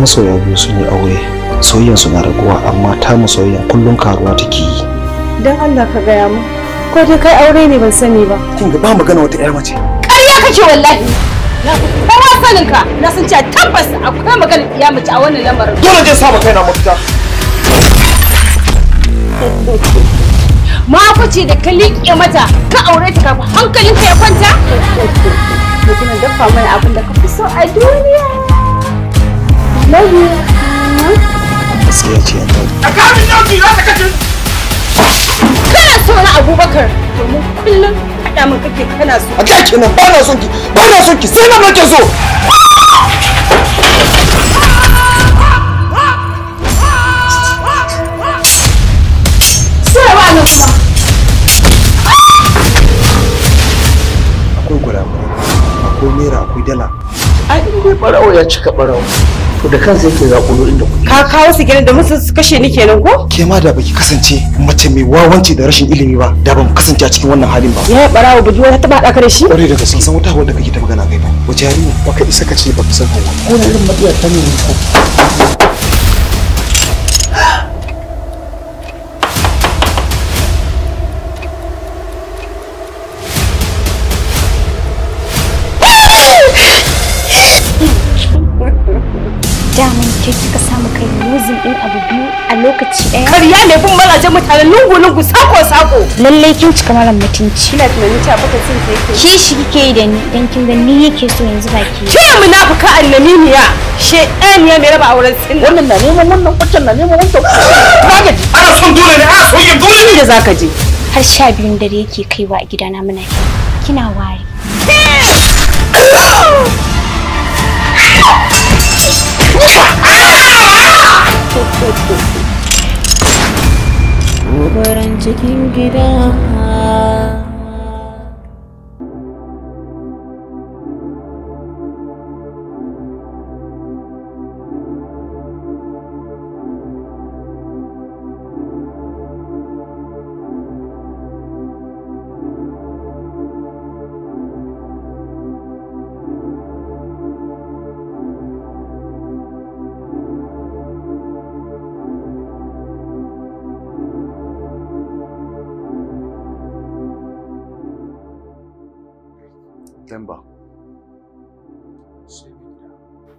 masoya biyu sun yi aure su na raguwa amma ta mu soyayyan kullum karuwa take yi dan Allah ka gaya mu ko dai kai aure ne ban sani ba kin ga ba magana wata ƴar mace ƙarya kake wallahi ba ma sanin ka na san cewa tabbas akwai magana ya mace a wannan lamarin dole zai sa ma kaina mafita ce da ka liƙe mata ka aure ta kafin hankalinka ya kwanta Ko kina dafa mai abin da ka fi so a duniya zuciya ta tsakanin yau ki za ta kace kana so abubakar domin kullum haɗa min kake kana so a kai kenan ba na son ki ba na son ki sai na nake so Sai ba kuma. akwai gura akwai naira akwai dala a in dai barawo ya cika ɓarawo. to da kansa yake zakulo inda kuɗi ka kawo su kenan da musu su kashe ni kenan ko ke ma da baki kasance mace mai wawanci da rashin ilimi ba da ban kasance a cikin wannan halin ba ya barawa bujuwa ta taba da shi kwarai da gaske san wata wadda kake ta magana kai ba wace yarinya baka isa ka ce baka san hawa ko na irin matsiyar ta ne ko daman ke kika samu kai muzin din abu biyu a lokaci ɗaya. Karya ne bin mazajen mutane lungu-lungu sako-sako. Lallai kin cika mara mutunci. Kina tunanin ta baka cin sai ke. Kishi kike yi da ni dan kin ga ni yake so yanzu ba ke. Ke munafuka annamimiya. ya mai raba auren sin. Wannan na neman wannan kwacan na neman wannan. Kaga ana son dole ne ana son yin dole ne da zaka je. Har sha biyun dare yake kaiwa a gidana muna kina wari. Gobaran cikin gida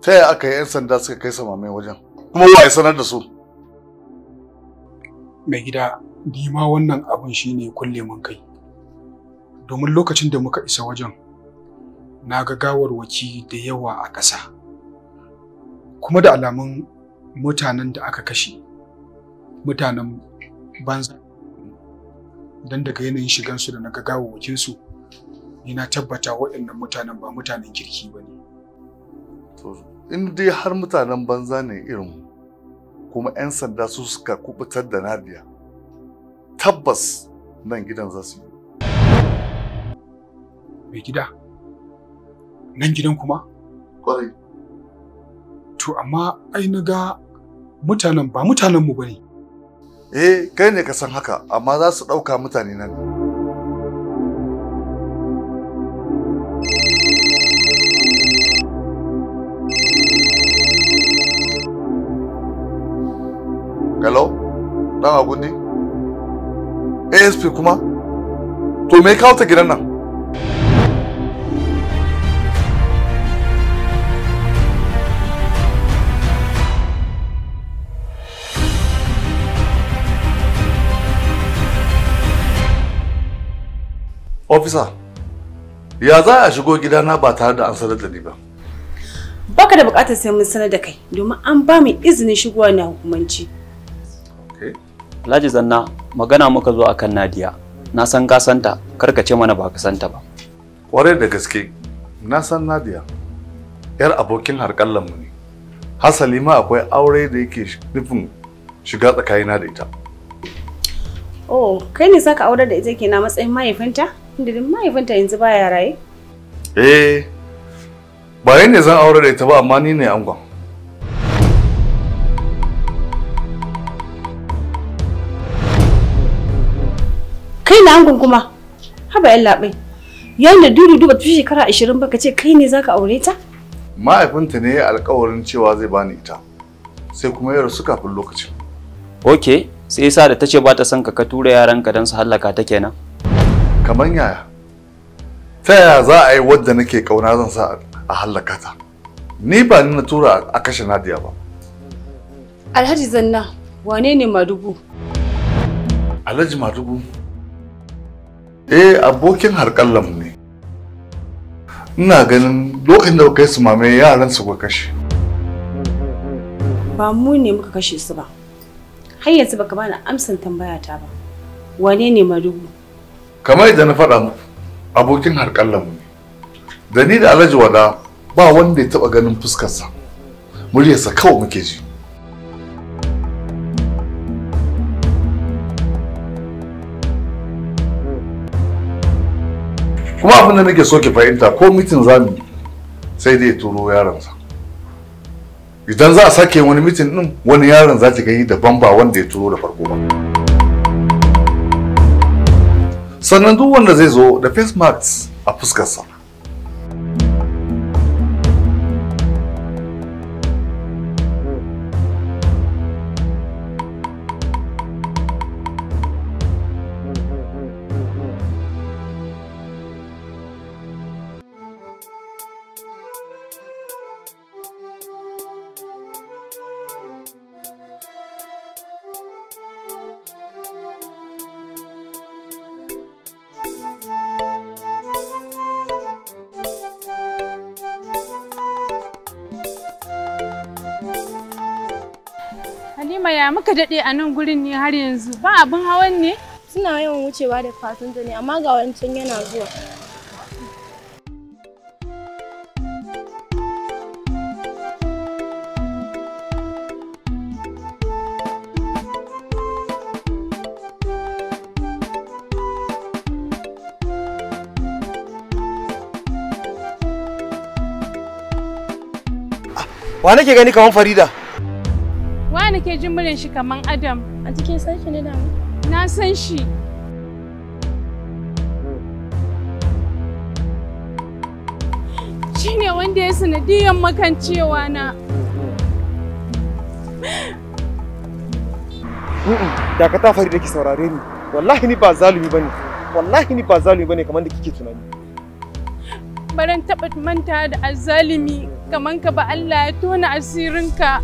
ta yaya aka yi 'yan sanda suka kai samame wajen kuma wa ya sanar da su mai gida ni ma wannan abin shine kulle mun kai domin lokacin da muka isa wajen na ga gawarwaki da yawa a ƙasa kuma da alamun mutanen da aka kashe mutanen banza don daga yanayin shigansu da na ga gawarwakinsu ni na tabbata waɗannan mutanen ba mutanen kirki ba ne to in dai har mutanen banza ne irin kuma 'yan sanda su suka kubutar da Nadia tabbas nan gidan za su yi mai gida nan gidan kuma kwarai to amma ai na ga mutanen ba mutanenmu ba ne eh kai ne ka san haka amma za su ɗauka mutane nan kalau dan agundi asp kuma to me kawo ta gidan nan Officer, ya za a shigo gidana ba tare da an sanar da ni ba? Baka da bukatar sai mun sanar da kai, domin an ba mu izinin shigowa na hukumanci. Laji Zanna magana muka zo akan Nadiya. Na san ka santa, kar ka ce mana ba ka santa ba. Kwarai da gaske, na san Nadiya. Yar abokin harkallan mu ne. Hasali ma akwai aure da yake nufin shiga tsakanina da ita. Oh, kai ne saka aurar da ita kenan matsayin mahaifinta? Inda din mahaifinta yanzu baya raye? Eh. Ba ne zan aure da ita ba amma ni ne angon. kai na angon kuma haba yan labai yanda dudu duba tafi shekara 20 ba kace kai ne zaka aure ta mahaifinta ne ya alƙawarin cewa zai bani ita sai kuma ya rasu kafin lokacin okay sai yasa da tace ba ta son ka ka tura yaranka don su hallaka ta kenan kamar yaya ta yaya za a yi wadda nake kauna zan sa a hallaka ta ni ba ni na tura a kashe Nadiya ba Alhaji Zanna wane ne Madubu Alhaji Madubu eh abokin harƙallan mu ne ina ganin lokacin da kai su mame yaran su ga kashe ba mu ne muka kashe su ba har yanzu baka bani amsan tambaya ta ba wane ne marubu kamar yadda na faɗa muku abokin harkar mu ne da ni da Alhaji Wada ba wanda ya taɓa ganin fuskarsa muryarsa kawai muke ji kuma abin da nake so ki fahimta ko mitin za mu sai dai turo yaronsa idan za a sake wani mitin din wani yaron za ta gani daban ba wanda ya turo da farko ba sannan duk wanda zai zo da face mask a fuskarsa ka daɗe a nan gurin ne har yanzu ba abin hawan ne? Suna yawan wucewa da fasinja ne amma ga wancan yana zuwa. Wa nake gani kamar Farida? yasa nake jin muryar shi kaman Adam? A cikin sarki ne da Na san shi. Shi ne wanda ya sanadiyan makancewa na. Da ka tafari da ki saurare ni. Wallahi ni ba zalumi bane. Wallahi ni ba zalumi bane kamar da kike tunani. Baran taɓa manta da azalimi kaman ka ba Allah ya tona asirinka.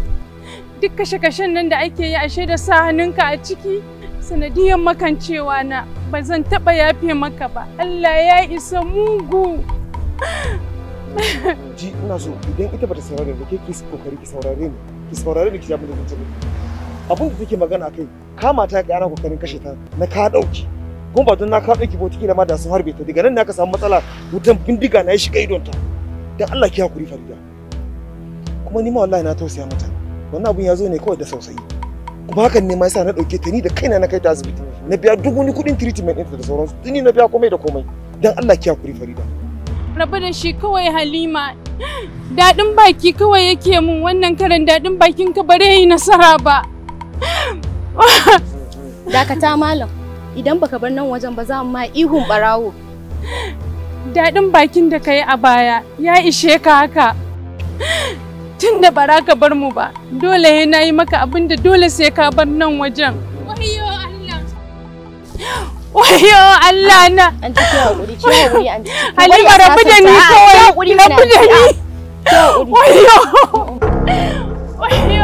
duk kashe-kashen nan da ake yi ashe da sa hannunka a ciki sanadiyan makancewa na ba zan taɓa yafe maka ba Allah ya isa mugu ji ina so idan ita bata saurare da ke ki kokari ki saurare ni ki saurare ni ki jabi da zuciya abin da take magana kai kama ta ga ana kokarin kashe ta na ka dauki kuma ba don na ka dauki botiki da ma da sun harbe ta daga nan ne aka samu matsala wutan bindiga na ya shiga idon ta dan Allah ki hakuri Farida kuma ni ma wallahi na tausaya mata wannan abun ya zo ne kawai da sausayi kuma hakan ne ma yasa na dauke ta ni da kaina na kai ta asibiti na biya duk wani kudin treatment ɗinta da sauransu ni na biya komai da komai dan Allah ki hakuri Farida rabu da shi kawai Halima dadin baki kawai yake mun wannan karan dadin bakin ka bare yi nasara ba dakata malam idan baka bar nan wajen ba za mu ma ihun barawo dadin bakin da kai a baya ya ishe ka haka tun da bara ka bar mu ba dole ya na yi maka abin da dole sai ka bar nan wajen wayo Allah wayo Allah na an ci an Halima rabu da ni kawai rabu da ni wayo wayo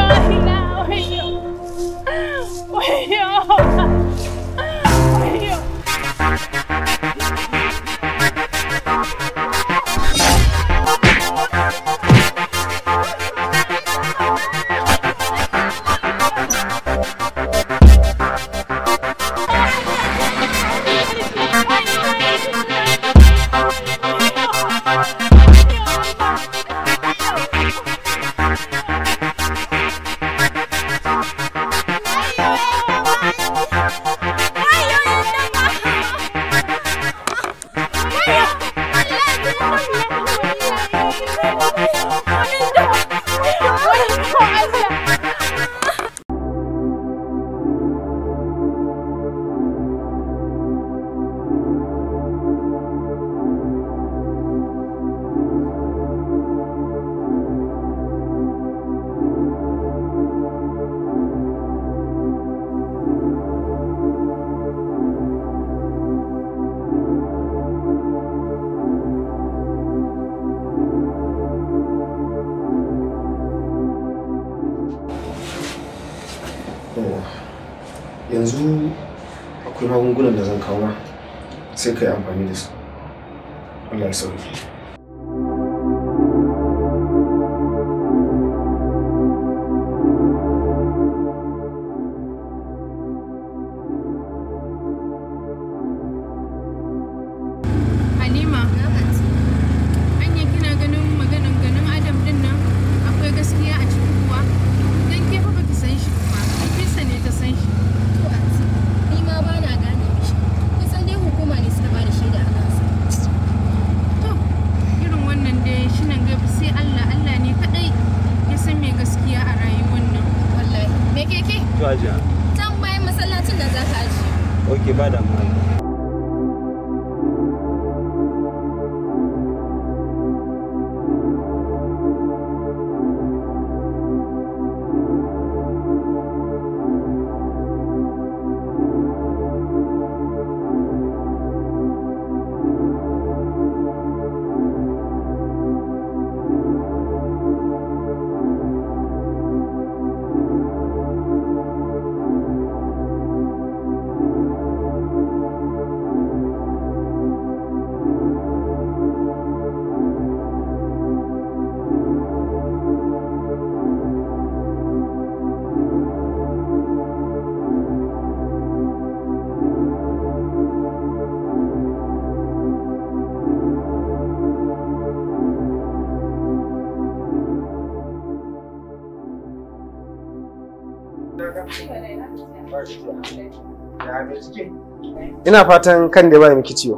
ina fatan kan da ba miki ciwo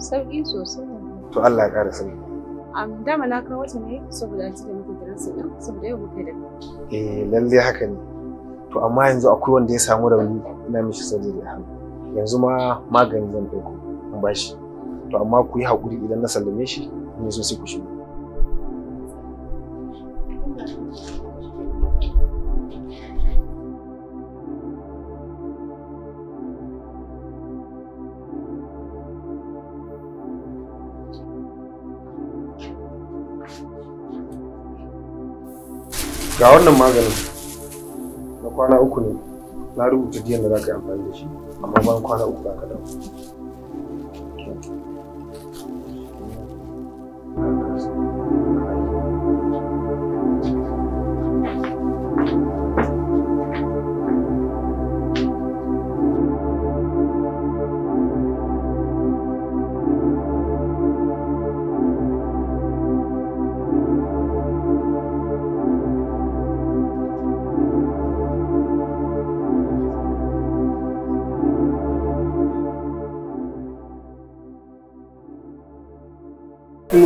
sauki sosai to Allah ya ƙara sauki Am dama na kawo ta ne saboda an cika miki gidan su saboda yau muke da eh lalle haka ne to amma yanzu akwai wanda ya samu rauni ina mishi sajiri da hannu yanzu ma magani zan ɗauko in bashi to amma ku yi haƙuri idan na sallame shi in so sai ku shigo ga wannan maganin na kwana uku ne na rubuta jiyan da za ka yi amfani da shi amma ban kwana uku za ka dawo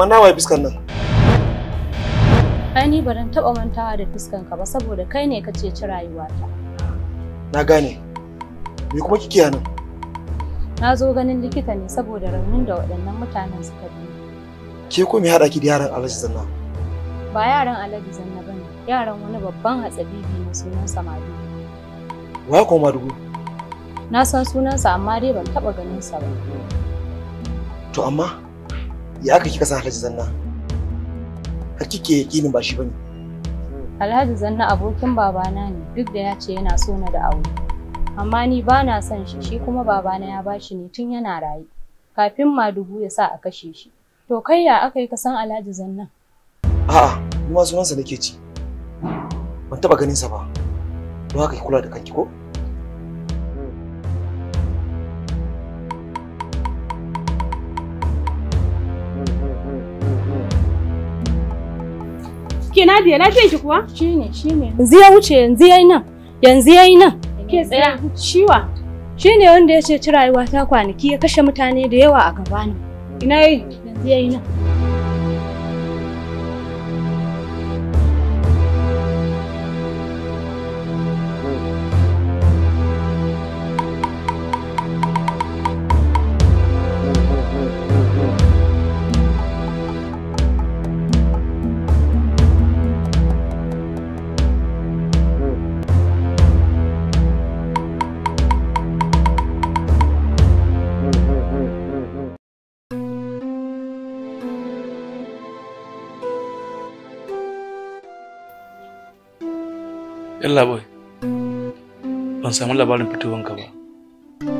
Amma na waye fuskan nan? Ai ni baran taɓa mantawa da fuskan ka ba saboda kai ne ka ceci rayuwata. Na gane. Me kuma kike nan? Na zo ganin likita ne saboda raunin da waɗannan mutanen suka bi. Ke ko me haɗa ki da yaran Alhaji Zanna? Ba yaran Alhaji Zanna bane, yaran wani babban hatsabibi mai sunan Samadu. Wa ko dubu? Na san sunansa amma dai ban taɓa ganin sa ba. To amma ya haka kika san Alhaji Zanna har kike yakinin ba shi bane Alhaji Zanna abokin babana ne duk da ya ce yana so na da aure amma ni ba na son shi shi kuma babana ya bashi ne tun yana raye kafin ma dubu ya sa a kashe shi to kai ya aka yi ka san Alhaji Zanna a'a kuma sunansa nake ci ban taba ganin sa ba don haka ki kula da kanki ko ke Nadiya lafiyar ki kuwa? Shine shine. Yanzu ya wuce yanzu yayi nan. Yanzu yayi nan. Ke tsaya ciwa. Shine wanda ya ce ci rayuwa ta kwanaki ya kashe mutane da yawa a gabana. Ina yi? Yanzu yayi nan. Yalla boy. Ban samu labarin fitowanka ba.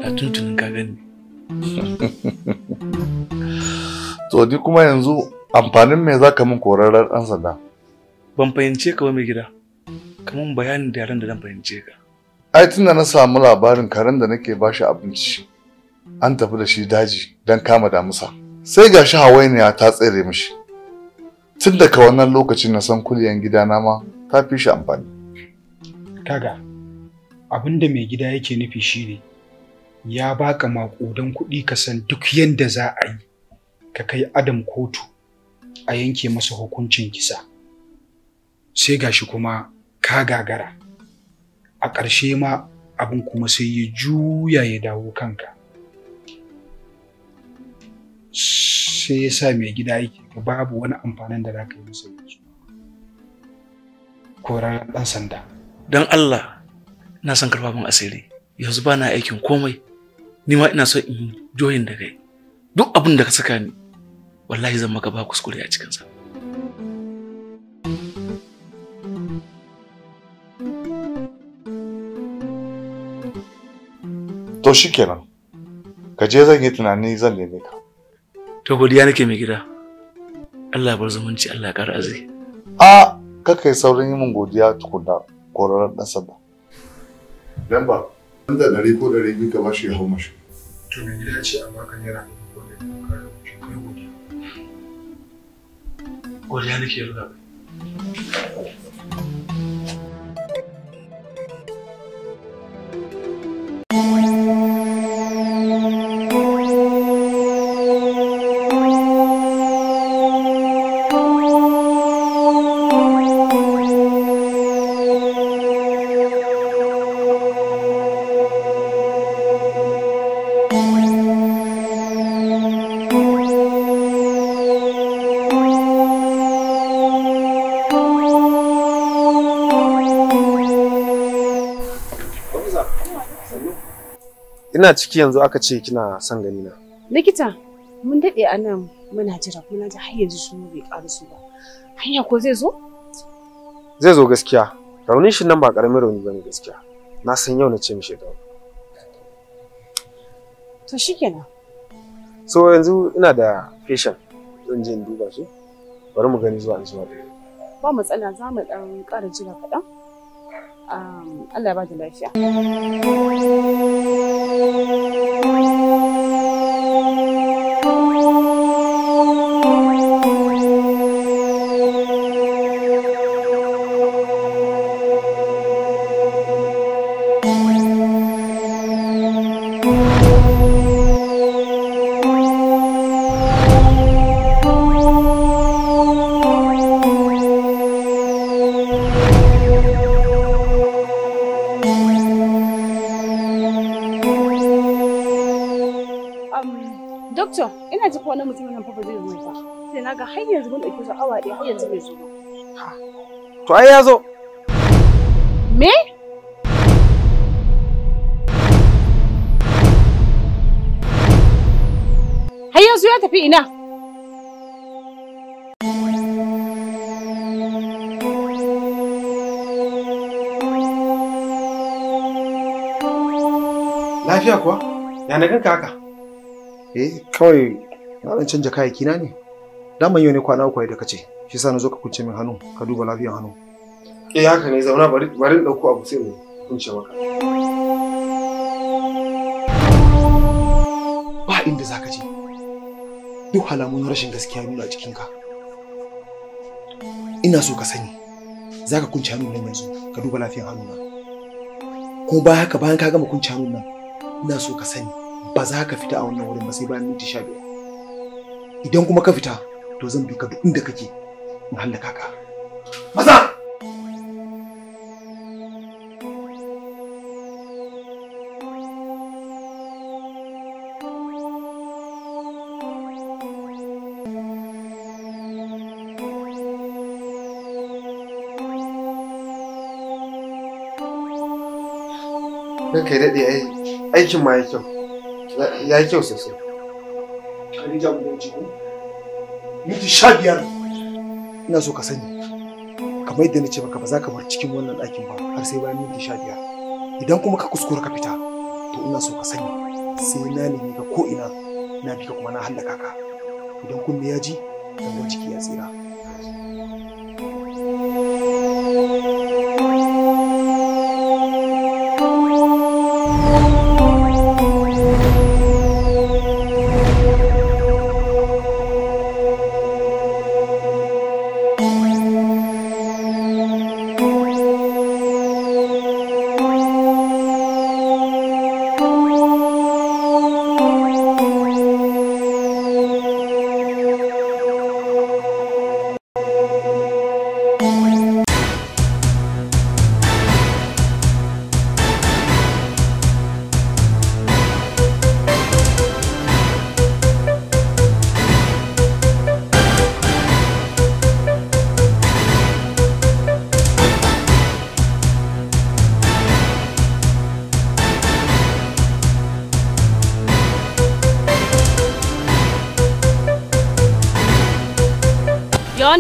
Da tuntunin ka gani. To di kuma yanzu amfanin me zaka min korarar dan sanda? Ban fahimce ka ba mai gida. kamar bayanin da yaran da zan fahimce ka. Ai tunda na samu labarin karen da nake bashi abinci. An tafi da shi daji don kama damusa. Sai ga shi hawainiya ta tsere mishi. Tun daga wannan lokacin na san kuliyan gidana ma ta fi shi amfani. abin da mai gida yake nufi shine ya baka maƙudan kuɗi ka san duk yadda za a yi ka kai adam kotu a yanke masa hukuncin kisa sai gashi kuma ka gagara a ƙarshe ma abin kuma sai ya juya ya dawo kanka sai ya sa mai gida yake ka babu wani amfanin da za ka yi masa yanzu korar ɗan sanda don Allah na san karfa min asiri yanzu ba na aikin komai ni ma ina so in joyin da kai duk abin da ka saka ni wallahi zan maka ba kuskure a cikinsa. To shi kenan, ka je zan yi tunani zan neme ka. To godiya nake mai gida, Allah bar zumunci Allah ƙara A, kakai saurin yi min godiya tukunna. ƙwararren ɗansa ba. Dan ba, ɗan da ɗari ko ɗari biyu ka ba shi ya hau mashi. To mai gida ce amma kan yana da ko da ɗan kare kuɗi mai gode. Godiya nake ruga bai. Thank you. ina ciki yanzu aka ce kina son gani na likita mun daɗe a nan muna jira kuma ji har yanzu shi bai ƙaru su ba hanya ko zai zo zai zo gaskiya raunin shi nan ba ƙaramin rauni bane gaskiya na san yau na ce mishi da to kenan. so yanzu ina da patient zan je in duba shi bari mu gani zuwa zuwa ba matsala za mu ɗan ƙara jira kaɗan Um, Allah ya ba lafiya. har yanzu mun ɗauki awa ɗaya har yanzu bai zo ba. To ai ya zo. Me? Har yanzu ya tafi ina? Lafiya kuwa? Ya na ganka haka? Eh, kawai na dan canja kayayyaki na ne. daman yau ne kwana uku da kace shi yasa na zo ka kunce min hannu ka duba lafiyar hannu eh haka ne zauna bari bari in dauko abu sai mu kunce maka ba inda zaka je duk halamun rashin gaskiya nuna cikin ka ina so ka sani zaka kunce hannu nan yanzu ka duba lafiyar hannu na kuma ba haka bayan ka gama kunce hannu nan ina so ka sani ba za ka fita a wannan wurin ba sai bayan minti sha biyar idan kuma ka fita to zan bi ka duk inda kake in hallaka ka maza don kai daɗe aikin ma ya kyau ya kyau sosai. Kari jagoranci ko? Miti sha biyar ina so ka sani kamar yadda na ce maka ba za ka bar cikin wannan ɗakin ba har sai bayan miti sha biyar idan kuma ka kuskura ka fita to ina so ka sani sai na nemi ka ko ina na bi ka kuma na hallaka ka idan kun ya ji gangan ciki ya tsira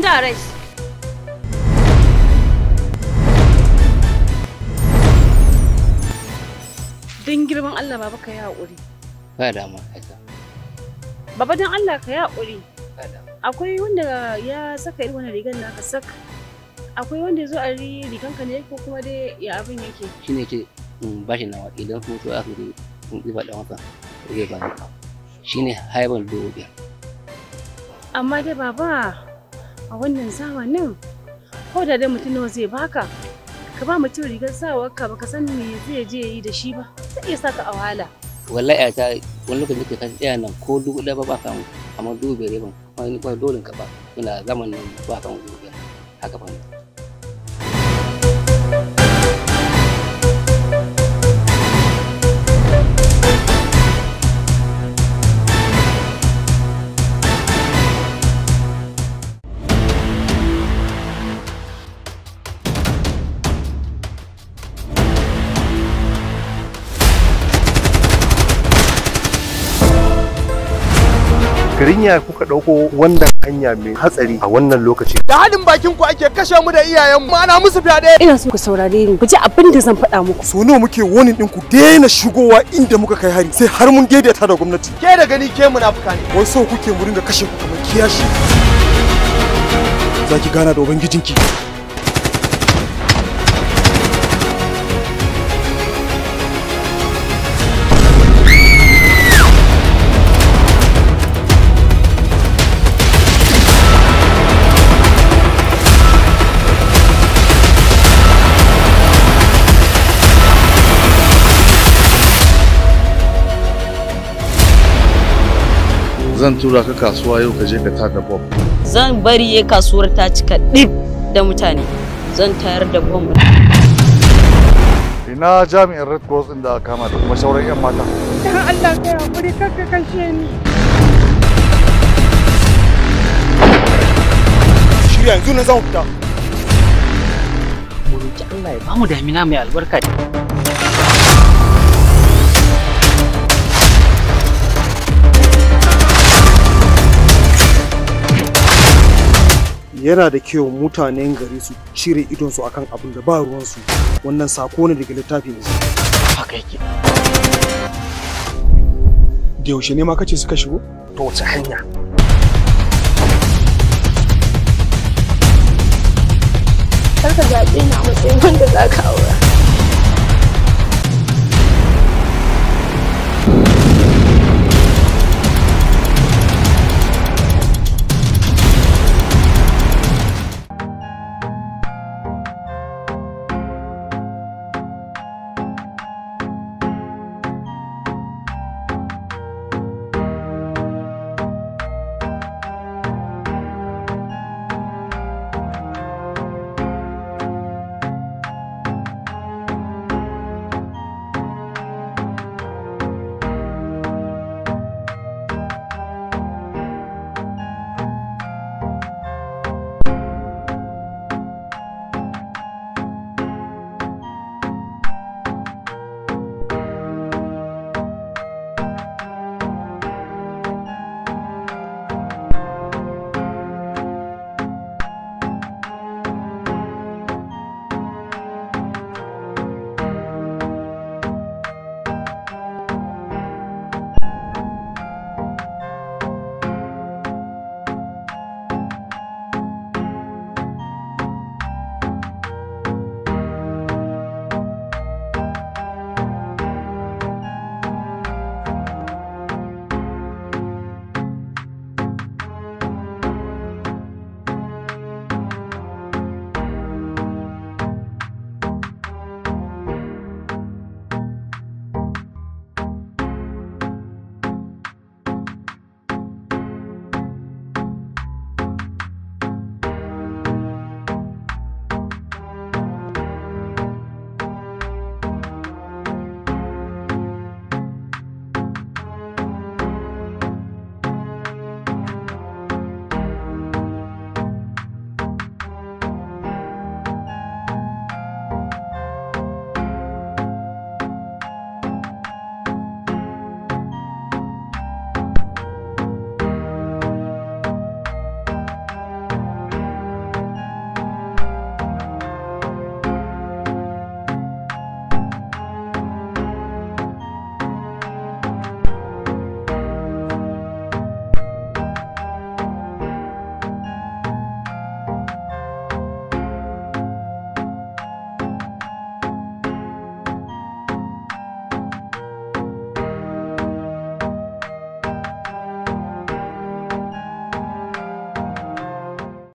under arrest. Don girman Allah baba ka yi haƙuri. Ba dama haka. Baba don Allah ka yi haƙuri. Akwai wanda ya saka irin wannan rigar da aka saka. Akwai wanda ya zo a rigan ka ne ko kuma dai ya abin yake. Shi ne ke mm, ba shi nawa idan hoto aka yi ɗiba ɗan wata zai ba Shi ne haibar dogo biyar. Amma dai baba a wannan zamanin ko da dai mutum nawa zai baka ka ba mutum rigar sawar ka baka san me zai je yi da shi ba zai iya saka a wahala wallahi ta wani lokacin kake kan tsaya nan ko dubu ɗaya ba ba kan amma dubu biyar ban wani dole ka ba ina zamanin ba kan dubu biyar haka ba garin kuka ɗauko wannan hanya mai hatsari a wannan lokaci da halin bakin ku ake kashe mu da iyayen mu ana musu fyaɗe ina so ku saurare ni ku ji abin da zan faɗa muku so nawa muke wani din ku daina shigowa inda muka kai hari sai har mun daidaita da gwamnati ke da gani ke munafuka ne wai so kuke mu ringa kashe ku kamar kiyashi zaki gana da ubangijinki zan tura ka kasuwa yau ka je ka taka bomb zan bari ya kasuwar ta cika dip da mutane zan tayar da bomb ina jami'in red cross din da kama da kuma sauran yan mata dan Allah kai hakuri kar ka kashe ni shirya yanzu na zan fita mu roki Allah ya bamu damina mai albarka yana da kyau mutanen gari su cire idonsu akan abin da ba su wannan sako ne daga littafi ne haka yake da yaushe ne ma kace suka shigo to wace hanya kar ka zaɓe na matsayin wanda za ka aura